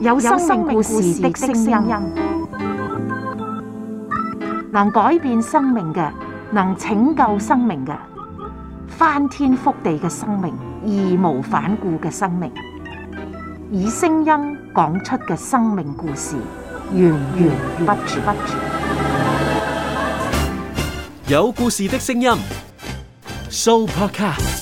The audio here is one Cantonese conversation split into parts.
有生命故事的聲音，能改變生命嘅，能拯救生命嘅，翻天覆地嘅生命，義無反顧嘅生命，以聲音講出嘅生命故事，源源不絕。有故事的聲音，Soul Podcast。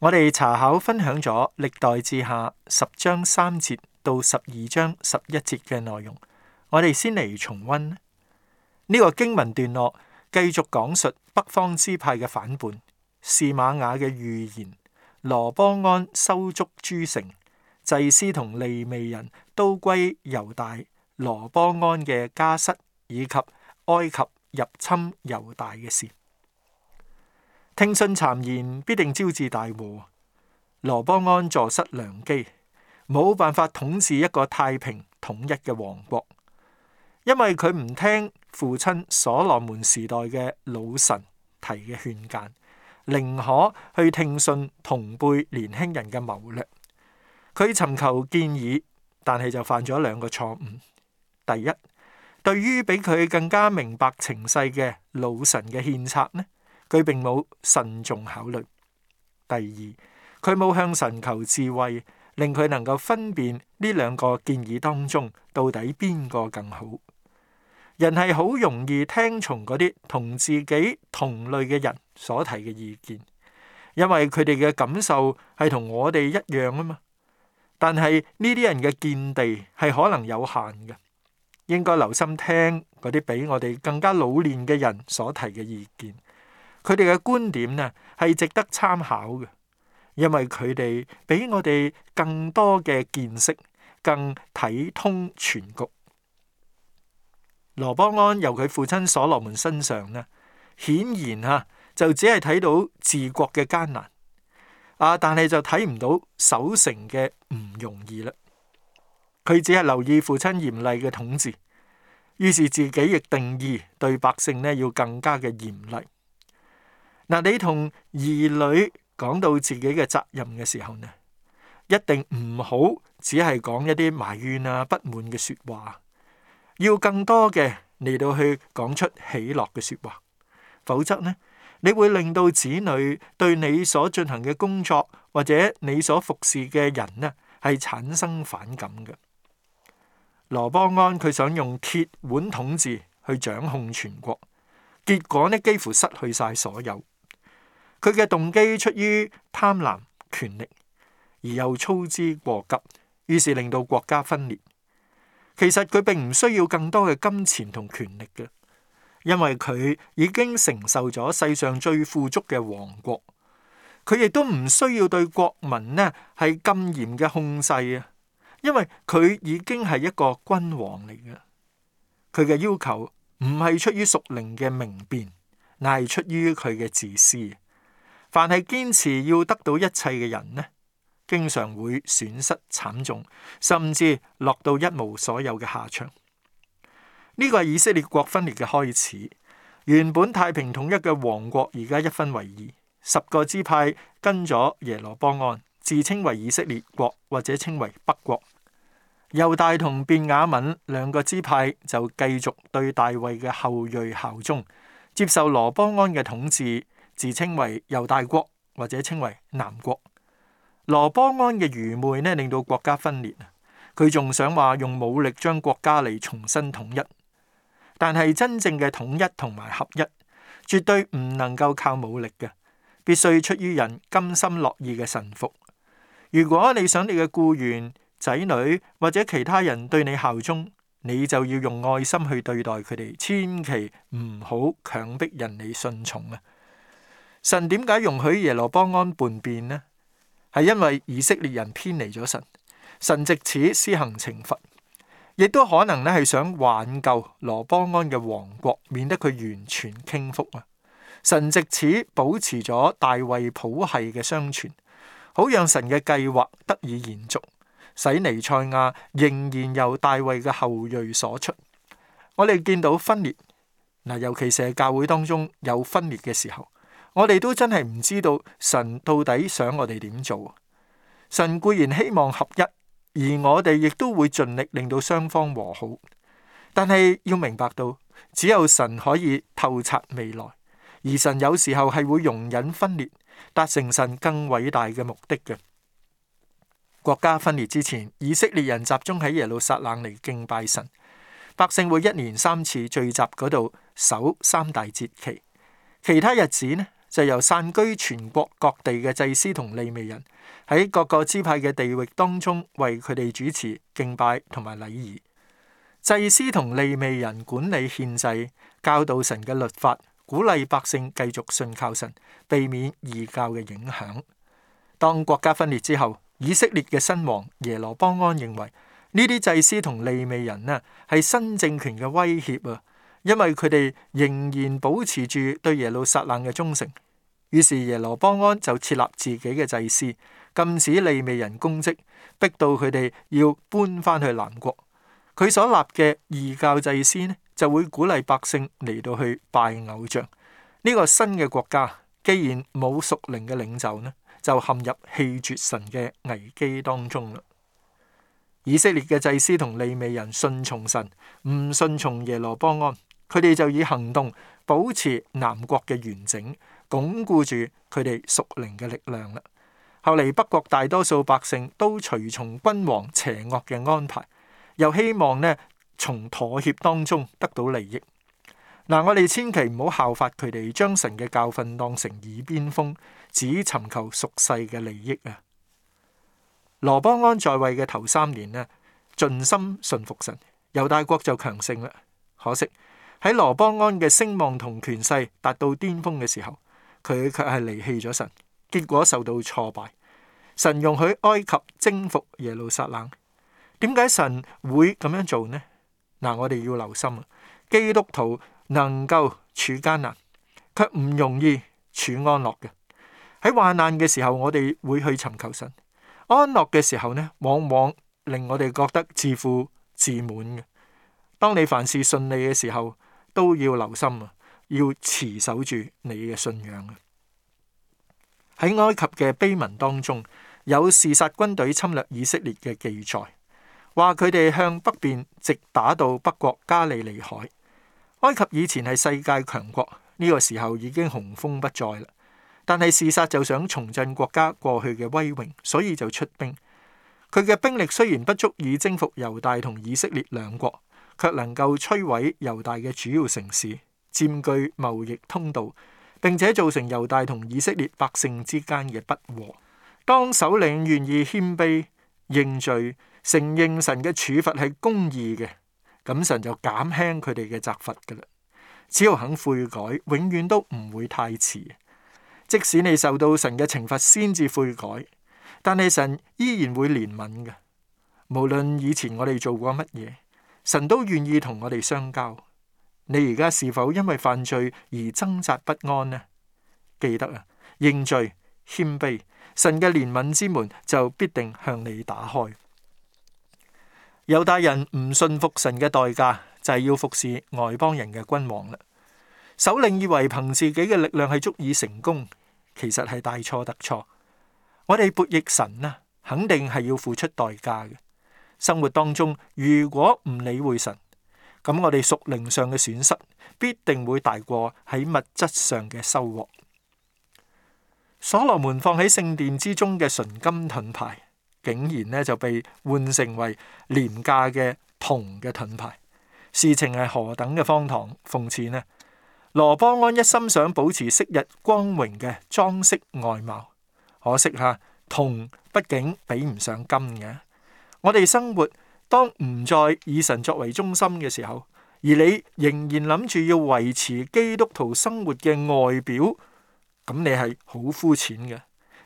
我哋查考分享咗歷代誌下十章三節到十二章十一節嘅內容，我哋先嚟重溫呢、這個經文段落，繼續講述北方支派嘅反叛，示瑪雅嘅預言，羅波安修築諸城，祭司同利未人都歸猶大，羅波安嘅家室以及埃及入侵猶大嘅事。聽信讒言必定招致大禍。羅波安坐失良機，冇辦法統治一個太平統一嘅王國，因為佢唔聽父親所羅門時代嘅老臣提嘅勸諫，寧可去聽信同輩年輕人嘅謀略。佢尋求建議，但係就犯咗兩個錯誤。第一，對於比佢更加明白情勢嘅老臣嘅獻策呢，佢並冇慎重考慮。第二，佢冇向神求智慧，令佢能夠分辨呢兩個建議當中到底邊個更好。人係好容易聽從嗰啲同自己同類嘅人所提嘅意見，因為佢哋嘅感受係同我哋一樣啊嘛。但係呢啲人嘅見地係可能有限嘅，應該留心聽嗰啲比我哋更加老練嘅人所提嘅意見。佢哋嘅觀點咧係值得參考嘅，因為佢哋比我哋更多嘅見識，更睇通全局。羅邦安由佢父親所羅門身上咧，顯然吓、啊、就只係睇到治國嘅艱難啊，但係就睇唔到守成嘅唔容易啦。佢只係留意父親嚴厲嘅統治，於是自己亦定義對百姓咧要更加嘅嚴厲。嗱，你同兒女講到自己嘅責任嘅時候呢，一定唔好只係講一啲埋怨啊、不滿嘅說話，要更多嘅嚟到去講出喜樂嘅說話。否則呢，你會令到子女對你所進行嘅工作或者你所服侍嘅人呢，係產生反感嘅。羅邦安佢想用鐵腕統治去掌控全國，結果呢幾乎失去晒所有。佢嘅動機出於貪婪權力，而又操之過急，於是令到國家分裂。其實佢並唔需要更多嘅金錢同權力嘅，因為佢已經承受咗世上最富足嘅王國。佢亦都唔需要對國民呢係咁嚴嘅控制啊，因為佢已經係一個君王嚟嘅。佢嘅要求唔係出於屬靈嘅明辨，乃係出於佢嘅自私。凡係堅持要得到一切嘅人呢，經常會損失慘重，甚至落到一無所有嘅下場。呢、這個係以色列國分裂嘅開始。原本太平統一嘅王國，而家一分為二。十個支派跟咗耶羅波安，自稱為以色列國或者稱為北國。猶大同便雅憫兩個支派就繼續對大衛嘅後裔效忠，接受羅波安嘅統治。自稱為猶大國或者稱為南國，羅波安嘅愚昧呢，令到國家分裂。佢仲想話用武力將國家嚟重新統一，但係真正嘅統一同埋合一，絕對唔能夠靠武力嘅，必須出於人甘心樂意嘅臣服。如果你想你嘅雇員、仔女或者其他人對你效忠，你就要用愛心去對待佢哋，千祈唔好強迫人哋順從啊！神點解容許耶羅波安叛變呢？係因為以色列人偏離咗神，神借此施行懲罰，亦都可能呢係想挽救羅波安嘅王國，免得佢完全傾覆啊。神借此保持咗大衛譜系嘅相傳，好讓神嘅計劃得以延續，使尼賽亞仍然由大衛嘅後裔所出。我哋見到分裂嗱，尤其是教會當中有分裂嘅時候。我哋都真係唔知道神到底想我哋點做啊。神固然希望合一，而我哋亦都會盡力令到雙方和好。但係要明白到，只有神可以透察未來，而神有時候係會容忍分裂，達成神更偉大嘅目的嘅。國家分裂之前，以色列人集中喺耶路撒冷嚟敬拜神，百姓會一年三次聚集嗰度守三大節期，其他日子呢？就由散居全國各地嘅祭司同利未人喺各個支派嘅地域當中為佢哋主持敬拜同埋禮儀。祭司同利未人管理獻祭，教導神嘅律法，鼓勵百姓繼續信靠神，避免異教嘅影響。當國家分裂之後，以色列嘅新王耶羅邦安認為呢啲祭司同利未人呢係新政權嘅威脅啊，因為佢哋仍然保持住對耶路撒冷嘅忠誠。於是耶羅波安就設立自己嘅祭司，禁止利未人公職，逼到佢哋要搬翻去南國。佢所立嘅異教祭司呢，就會鼓勵百姓嚟到去拜偶像。呢個新嘅國家既然冇屬靈嘅領袖呢，就陷入棄絕神嘅危機當中啦。以色列嘅祭司同利未人信從神，唔信從耶羅波安，佢哋就以行動保持南國嘅完整。鞏固住佢哋屬靈嘅力量啦。後嚟北國大多數百姓都隨從君王邪惡嘅安排，又希望呢從妥協當中得到利益。嗱、啊，我哋千祈唔好效法佢哋，將神嘅教訓當成耳邊風，只尋求屬世嘅利益啊！羅邦安在位嘅頭三年呢，盡心順服神，猶大國就強盛啦。可惜喺羅邦安嘅聲望同權勢達到巔峰嘅時候。佢卻係離棄咗神，結果受到挫敗。神容許埃及征服耶路撒冷，點解神會咁樣做呢？嗱，我哋要留心啊！基督徒能夠處艱難，卻唔容易處安樂嘅。喺患難嘅時候，我哋會去尋求神；安樂嘅時候呢，往往令我哋覺得自負自滿嘅。當你凡事順利嘅時候，都要留心啊，要持守住你嘅信仰啊！喺埃及嘅碑文當中，有示撒軍隊侵略以色列嘅記載，話佢哋向北邊直打到北國加利利海。埃及以前係世界強國，呢個時候已經雄風不再啦。但係示撒就想重振國家過去嘅威榮，所以就出兵。佢嘅兵力雖然不足以征服猶大同以色列兩國，卻能夠摧毀猶大嘅主要城市，佔據貿易通道。並且造成猶大同以色列百姓之間嘅不和。當首領願意謙卑，認罪，承認神嘅處罰係公義嘅，咁神就減輕佢哋嘅責罰㗎喇。只要肯悔改，永遠都唔會太遲。即使你受到神嘅懲罰先至悔改，但係神依然會憐憫嘅。無論以前我哋做過乜嘢，神都願意同我哋相交。你而家是否因為犯罪而掙扎不安呢？記得啊，認罪謙卑，神嘅憐憫之門就必定向你打開。猶大人唔信服神嘅代價就係要服侍外邦人嘅君王啦。首領以為憑自己嘅力量係足以成功，其實係大錯特錯。我哋悖逆神啊，肯定係要付出代價嘅。生活當中如果唔理會神。咁我哋屬靈上嘅損失必定會大過喺物質上嘅收穫。所羅門放喺聖殿之中嘅純金盾牌，竟然呢就被換成為廉價嘅銅嘅盾牌，事情係何等嘅荒唐諷刺呢？羅波安一心想保持昔日光榮嘅裝飾外貌，可惜吓銅畢竟比唔上金嘅。我哋生活。當唔再以神作為中心嘅時候，而你仍然諗住要維持基督徒生活嘅外表，咁你係好膚淺嘅，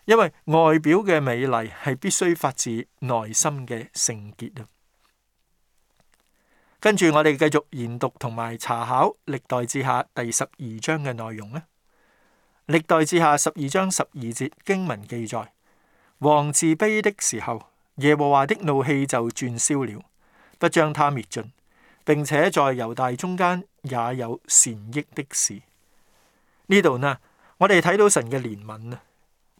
因為外表嘅美麗係必須發自內心嘅聖潔啊。跟住我哋繼續研讀同埋查考《歷代志下》第十二章嘅內容咧，《歷代志下》十二章十二節經文記載，王自卑的時候。耶和華的怒氣就轉消了，不將他滅盡，並且在猶大中間也有善益的事。呢度呢，我哋睇到神嘅憐憫啊。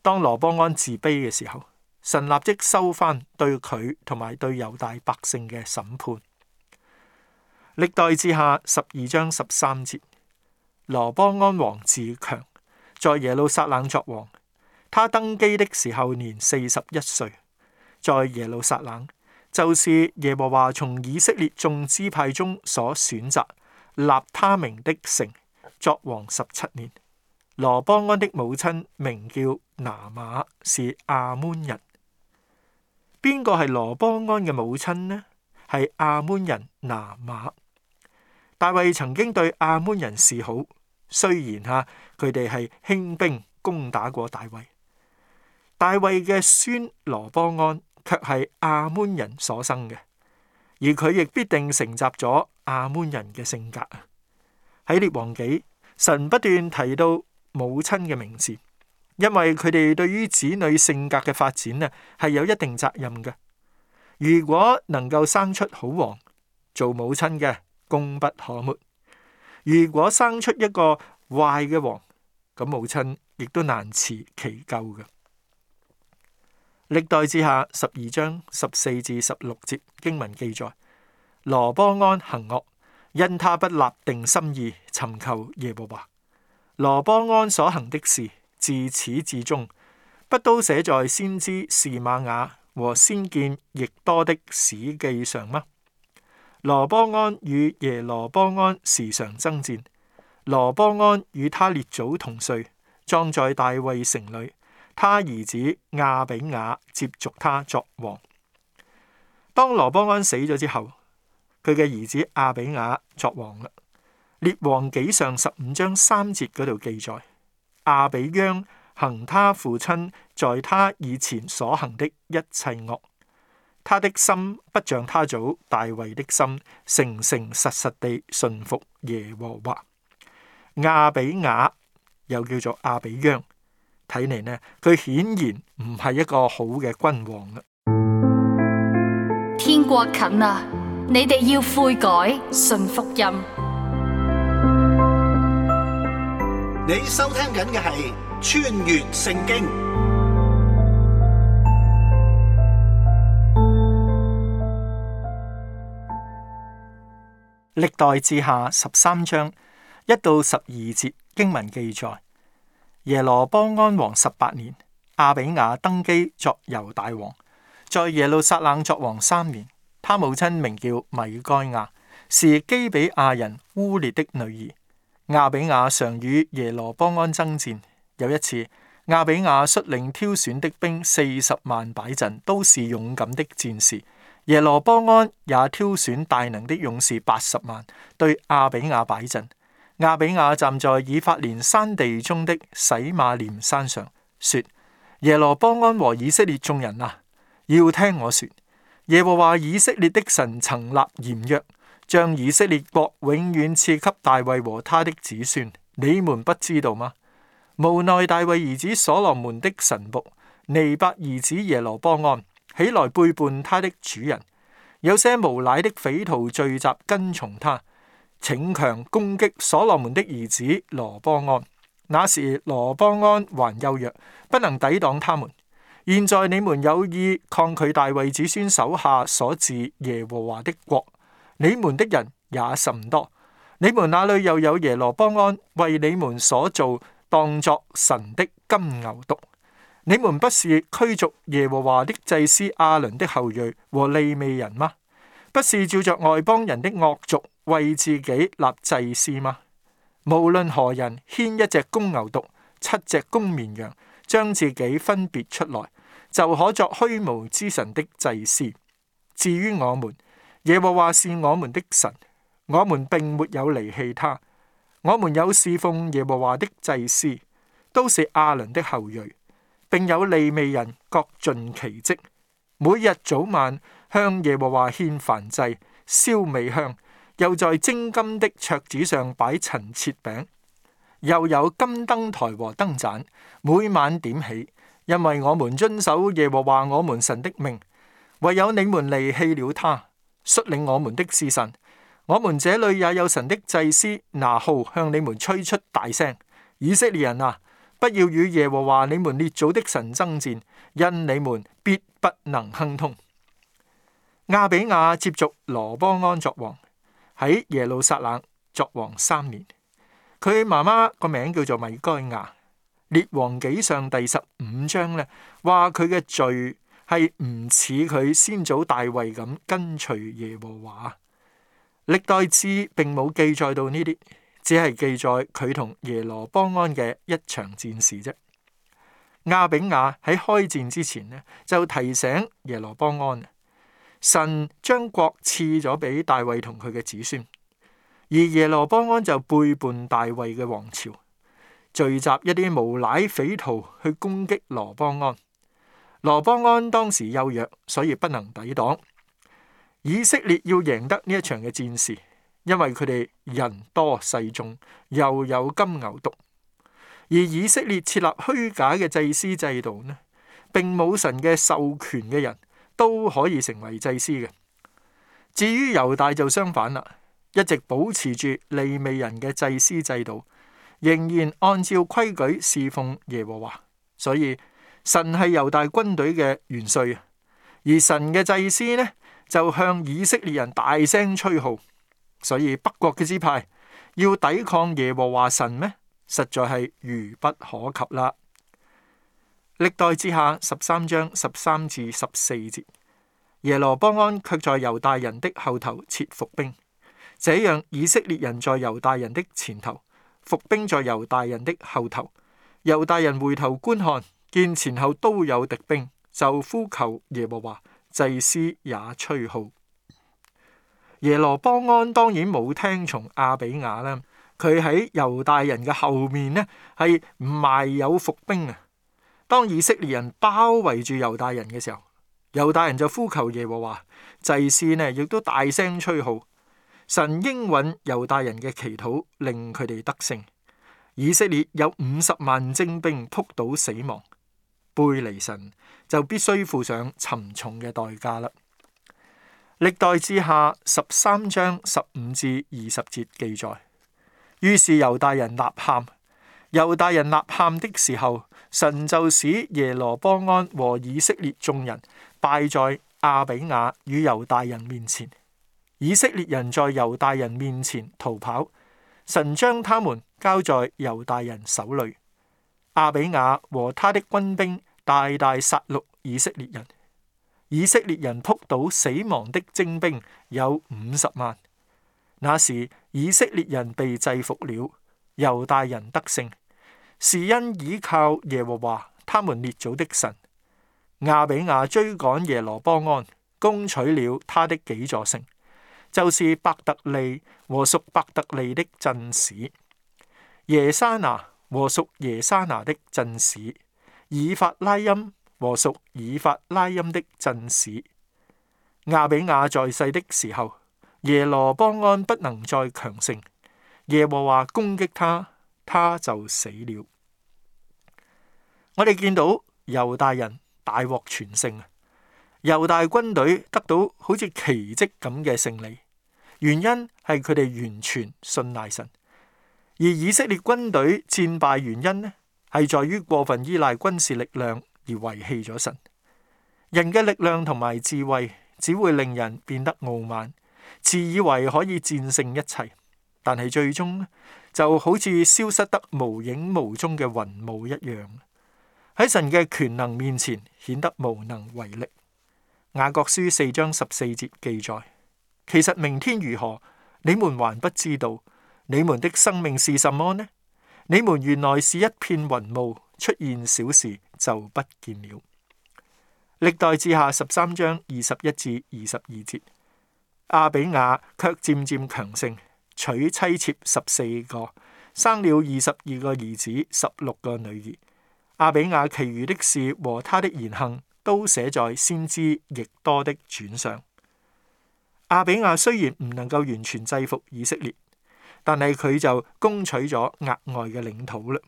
當羅波安自卑嘅時候，神立即收翻對佢同埋對猶大百姓嘅審判。歷代志下十二章十三節：羅波安王自強，在耶路撒冷作王，他登基的時候年四十一歲。在耶路撒冷，就是耶和華從以色列眾支派中所選擇立他名的城，作王十七年。羅波安的母親名叫拿馬，是亞捫人。邊個係羅波安嘅母親呢？係亞捫人拿馬。大衛曾經對亞捫人示好，雖然吓佢哋係輕兵攻打過大衛。大衛嘅孫羅波安。卻係阿門人所生嘅，而佢亦必定承襲咗阿門人嘅性格。喺《列王記》，神不斷提到母親嘅名字，因為佢哋對於子女性格嘅發展呢，係有一定責任嘅。如果能夠生出好王，做母親嘅功不可沒；如果生出一個壞嘅王，咁母親亦都難辭其咎嘅。歷代志下，十二章十四至十六節經文記載，羅波安行惡，因他不立定心意尋求耶和華。羅波安所行的事，自始至終，不都寫在先知示瑪雅和先見易多的史記上嗎？羅波安與耶羅波安時常爭戰。羅波安與他列祖同睡，葬在大衛城裏。他兒子亞比雅接續他作王。當羅波安死咗之後，佢嘅兒子亞比雅作王啦。列王紀上十五章三節嗰度記載：亞比央行他父親在他以前所行的一切惡，他的心不像他祖大衛的心，誠誠實實地順服耶和華。亞比雅又叫做亞比央。睇嚟呢，佢顯然唔係一個好嘅君王。天國近啦，你哋要悔改，信福音。你收聽緊嘅係《穿越聖經》歷，歷代志下十三章一到十二節經文記載。耶羅波安王十八年，亞比雅登基作猶大王，在耶路撒冷作王三年。他母親名叫米該亞，是基比亞人烏列的女兒。亞比雅常與耶羅波安爭戰。有一次，亞比雅率領挑選的兵四十萬擺陣，都是勇敢的戰士。耶羅波安也挑選大能的勇士八十萬對亞比雅擺陣。亞比亞站在以法蓮山地中的洗馬蓮山上，說：耶羅波安和以色列眾人啊，要聽我說。耶和華以色列的神曾立鹽約，將以色列國永遠賜給大衛和他的子孫。你們不知道嗎？無奈大衛兒子所羅門的臣僕尼伯兒子耶羅波安起來背叛他的主人，有些無賴的匪徒聚集跟從他。逞強攻擊所羅門的兒子羅波安，那時羅波安還幼弱，不能抵擋他們。現在你們有意抗拒大衛子孫手下所治耶和華的國，你們的人也甚多。你們那裏又有耶羅波安為你們所做當作神的金牛犢？你們不是驅逐耶和華的祭司亞倫的後裔和利未人嗎？不是照着外邦人的惡俗？為自己立祭司嗎？無論何人牽一隻公牛犢、七隻公綿羊，將自己分別出來，就可作虛無之神的祭司。至於我們，耶和華是我們的神，我們並沒有離棄他。我們有侍奉耶和華的祭司，都是亞倫的後裔，並有利未人各盡其職，每日早晚向耶和華獻燔祭、燒美香。又在精金的桌子上擺陳設餅，又有金燈台和燈盞，每晚點起，因為我們遵守耶和華我們神的命。唯有你們離棄了他，率領我們的，是神。我們這裏也有神的祭司拿號向你們吹出大聲。以色列人啊，不要與耶和華你們列祖的神爭戰，因你們必不能亨通。亞比亞接續羅波安作王。喺耶路撒冷作王三年，佢媽媽個名叫做米該亞。列王紀上第十五章呢話佢嘅罪係唔似佢先祖大衛咁跟隨耶和華。歷代志並冇記載到呢啲，只係記載佢同耶羅邦安嘅一場戰事啫。亞比雅喺開戰之前呢，就提醒耶羅邦安。神將國賜咗俾大衛同佢嘅子孫，而耶羅波安就背叛大衛嘅王朝，聚集一啲無賴匪徒去攻擊羅波安。羅波安當時幼弱，所以不能抵擋。以色列要贏得呢一場嘅戰事，因為佢哋人多勢眾，又有金牛犢。而以色列設立虛假嘅祭司制度呢，並冇神嘅授權嘅人。都可以成為祭司嘅。至於猶大就相反啦，一直保持住利未人嘅祭司制度，仍然按照規矩侍奉耶和華。所以神係猶大軍隊嘅元帥，而神嘅祭司呢，就向以色列人大聲吹號。所以北國嘅支派要抵抗耶和華神咩？實在係愚不可及啦。歷代之下十三章十三至十四節，耶羅波安卻在猶大人的後頭設伏兵，這樣以色列人在猶大人的前頭，伏兵在猶大人的後頭。猶大人回頭觀看，見前後都有敵兵，就呼求耶和華，祭司也吹號。耶羅波安當然冇聽從亞比雅啦，佢喺猶大人嘅後面呢，係唔埋有伏兵啊。當以色列人包圍住猶大人嘅時候，猶大人就呼求耶和華，祭司呢亦都大聲吹號。神應允猶大人嘅祈禱，令佢哋得勝。以色列有五十萬精兵撲倒死亡，背離神就必須付上沉重嘅代價啦。歷代志下十三章十五至二十節記載，於是猶大人吶喊。猶大人吶喊的時候，神就使耶羅波安和以色列眾人敗在亞比雅與猶大人面前。以色列人在猶大人面前逃跑，神將他們交在猶大人手裏。亞比雅和他的軍兵大大殺戮以色列人，以色列人撲倒死亡的精兵有五十萬。那時以色列人被制服了。猶大人得勝，是因倚靠耶和華他們列祖的神。亞比雅追趕耶羅波安，攻取了他的幾座城，就是伯特利和屬伯特利的鎮市，耶沙拿和屬耶沙拿的鎮市，以法拉音和屬以法拉音的鎮市。亞比雅在世的時候，耶羅波安不能再強盛。耶和華攻擊他，他就死了。我哋見到猶大人大獲全勝啊！猶大軍隊得到好似奇跡咁嘅勝利，原因係佢哋完全信賴神。而以色列軍隊戰敗原因呢，係在於過分依賴軍事力量而遺棄咗神。人嘅力量同埋智慧只會令人變得傲慢，自以為可以戰勝一切。但係最終就好似消失得無影無蹤嘅雲霧一樣，喺神嘅權能面前顯得無能為力。雅各書四章十四節記載：其實明天如何，你們還不知道。你們的生命是什麼呢？你們原來是一片雲霧，出現少時就不見了。歷代志下十三章二十一至二十二節，亞比雅卻漸漸強盛。娶妻妾十四個，生了二十二個兒子，十六個女兒。亞比雅其餘的事和他的言行，都寫在先知易多的傳上。亞比雅雖然唔能夠完全制服以色列，但係佢就攻取咗額外嘅領土啦。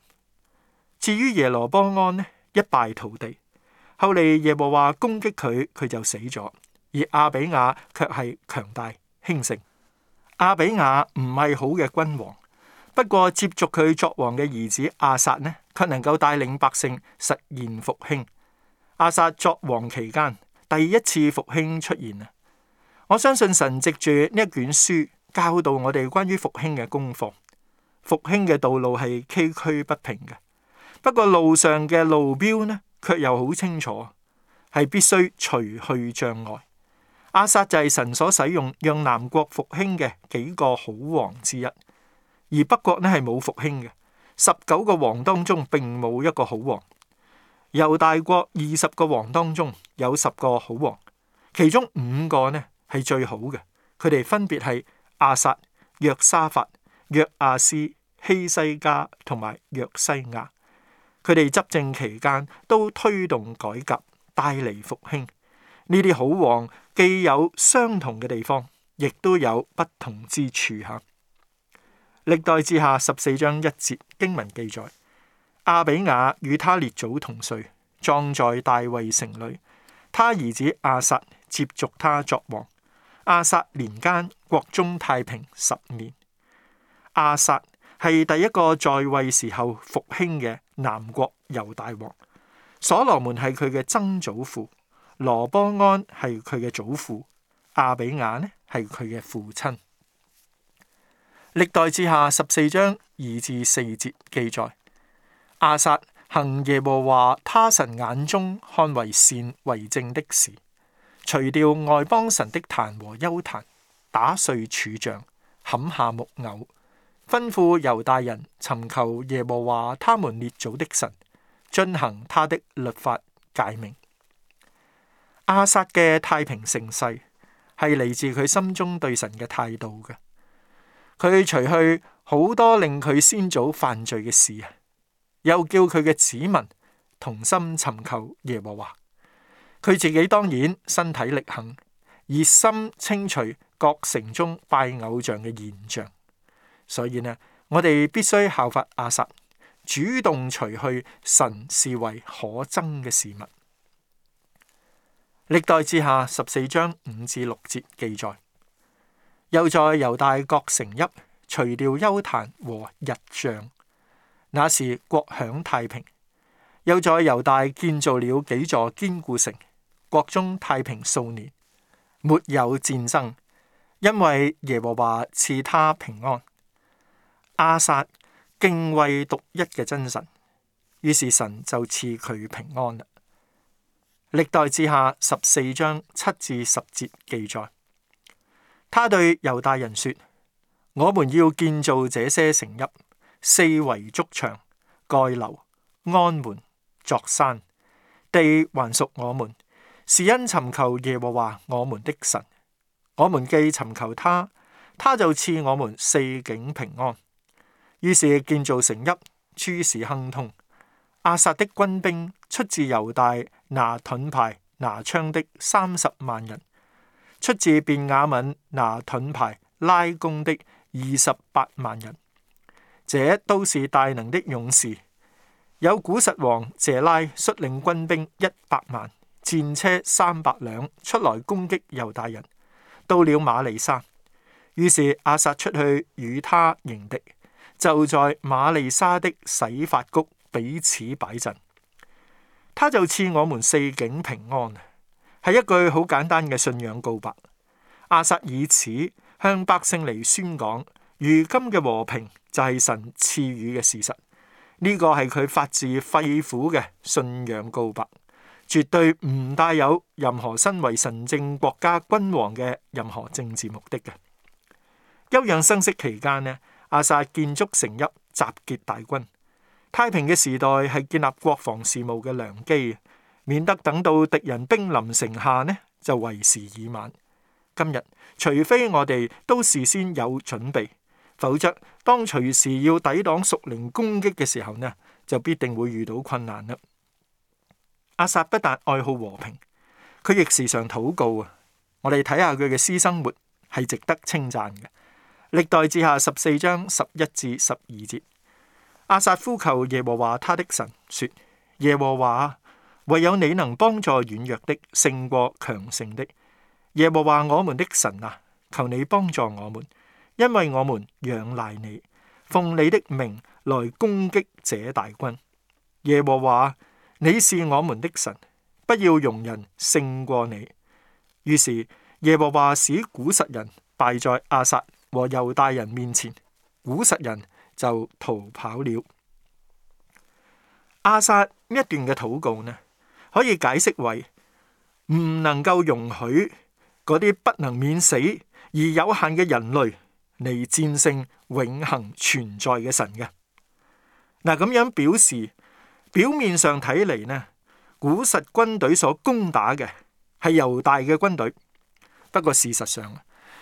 至於耶羅波安呢，一敗塗地。後嚟耶和華攻擊佢，佢就死咗，而亞比雅卻係強大興盛。亞比亞唔係好嘅君王，不過接續佢作王嘅兒子亞撒呢，卻能夠帶領百姓實現復興。亞撒作王期間，第一次復興出現啊！我相信神藉住呢一卷書教導我哋關於復興嘅功課。復興嘅道路係崎嶇不平嘅，不過路上嘅路標呢，卻又好清楚，係必須除去障礙。阿薩就係神所使用，讓南國復興嘅幾個好王之一。而北國呢係冇復興嘅。十九個王當中，並冇一個好王。猶大國二十個王當中，有十個好王，其中五個呢係最好嘅。佢哋分別係阿薩、約沙法、約阿斯、希西家同埋約西亞。佢哋執政期間都推動改革，帶嚟復興。呢啲好王，既有相同嘅地方，亦都有不同之處。吓歷代之下十四章一節經文記載：亞比雅與他列祖同歲，葬在大衛城裏。他兒子亞撒接續他作王。亞撒年間國中太平十年。亞撒係第一個在位時候復興嘅南國猶大王，所羅門係佢嘅曾祖父。羅波安係佢嘅祖父，亞比雅呢係佢嘅父親。歷代志下十四章二至四節記載：亞撒行耶和華他神眼中看為善為正的事，除掉外邦神的壇和丘壇，打碎柱像，砍下木偶，吩咐猶大人尋求耶和華他們列祖的神，進行他的律法誡命。阿薩嘅太平盛世係嚟自佢心中對神嘅態度嘅，佢除去好多令佢先祖犯罪嘅事啊，又叫佢嘅子民同心尋求耶和華，佢自己當然身體力行，熱心清除各城中拜偶像嘅現象，所以呢，我哋必須效法阿薩，主動除去神視為可憎嘅事物。歷代志下十四章五至六節記載：又在猶大各城邑除掉幽壇和日像，那時國享太平。又在猶大建造了幾座堅固城，國中太平數年，沒有戰爭，因為耶和華賜他平安。阿薩敬畏獨一嘅真神，於是神就賜佢平安啦。歷代志下十四章七至十節記載，他對猶大人說：我們要建造這些城邑，四圍築牆、蓋樓、安門、鑿山，地還屬我們，是因尋求耶和華我們的神。我們既尋求他，他就賜我們四境平安。於是建造城邑，諸事亨通。阿薩的軍兵出自猶大，拿盾牌拿槍的三十萬人，出自便雅敏拿盾牌拉弓的二十八萬人，這都是大能的勇士。有古實王謝拉率領軍兵一百萬，戰車三百輛出來攻擊猶大人，到了馬利沙，於是阿薩出去與他迎敵，就在馬利沙的洗法谷。彼此擺陣，他就賜我們四境平安，係一句好簡單嘅信仰告白。阿薩以此向百姓嚟宣講，如今嘅和平就係神賜予嘅事實。呢、這個係佢發自肺腑嘅信仰告白，絕對唔帶有任何身為神聖國家君王嘅任何政治目的嘅休養生息期間呢？阿薩建築城邑，集結大軍。太平嘅時代係建立國防事務嘅良機，免得等到敵人兵臨城下呢，就為時已晚。今日除非我哋都事先有準備，否則當隨時要抵擋屬靈攻擊嘅時候呢，就必定會遇到困難啦。阿薩不但愛好和平，佢亦時常禱告啊！我哋睇下佢嘅私生活係值得稱讚嘅。歷代誌下十四章十一至十二節。阿薩夫呼求耶和華他的神說：耶和華，唯有你能幫助軟弱的勝過強盛的。耶和華我們的神啊，求你幫助我們，因為我們仰賴你，奉你的名來攻擊這大軍。耶和華，你是我們的神，不要容人勝過你。於是耶和華使古實人敗在阿薩和猶大人面前，古實人。就逃跑了。阿薩一段嘅禱告呢，可以解釋為唔能夠容許嗰啲不能免死而有限嘅人類嚟戰勝永恆存在嘅神嘅。嗱，咁樣表示，表面上睇嚟，呢，古實軍隊所攻打嘅係猶大嘅軍隊，不過事實上，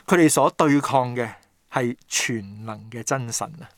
佢哋所對抗嘅係全能嘅真神啊。